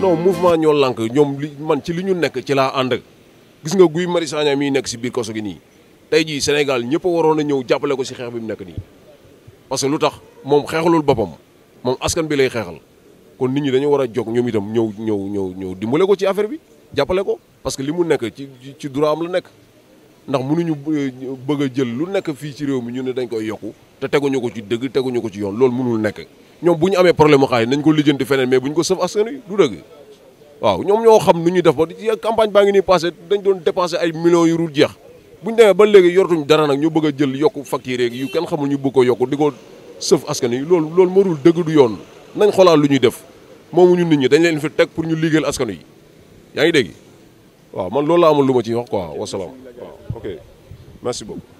non mouvement ñoo lànk ñoom li man ci li ñu nekk ci laa ànd gis nga Guy Marius Sagna nekk si biir kaso gi nii tey jii Sénégal ñëpp waroon a ñëw jàppale ko si xeex bi mu nekk nii parce que lu tax moom xeexalul boppam moom askan bi lay xeexal kon nit ñi dañu war a jóg ñoom itam ñëw ñëw ñëw ñëw dimbale ko ci affaire bi jàppale ko parce que li mu nekk ci ci droit am la nekk ndax mënuñu euh, bëgg a jël lu nekk fii ci réew mi ñu ne dañ koy yokku te teguñu ko ci dëgg teguñu ko ci yoon loolu mënul nekk ñoom bu ñu amee problème mu xaalis nañ ko lijjanti feneen mais bu ñu ko sëf askan wi du dëgg waaw ñoom ñoo xam nu ñuy def ba campagne baa ngi nii passé dañ doon dépensé ay millions yu jeex bu ñu demee ba léegi yortuñ dara nag ñu bëgg a jël yokk facture yu kenn xamul ñu bëgg ko yokk di ko sëf askan wi loolu loolu marul dëgg du yoon nañ xoolaat lu ñuy def moomuñu nit ñi dañ leen fi teg pour ñu liggéeyal askan wi yaa ngi dégg waaw man loolu laa amul lu ma ciy wax quoi wasalaam waaw ok merci beaucoup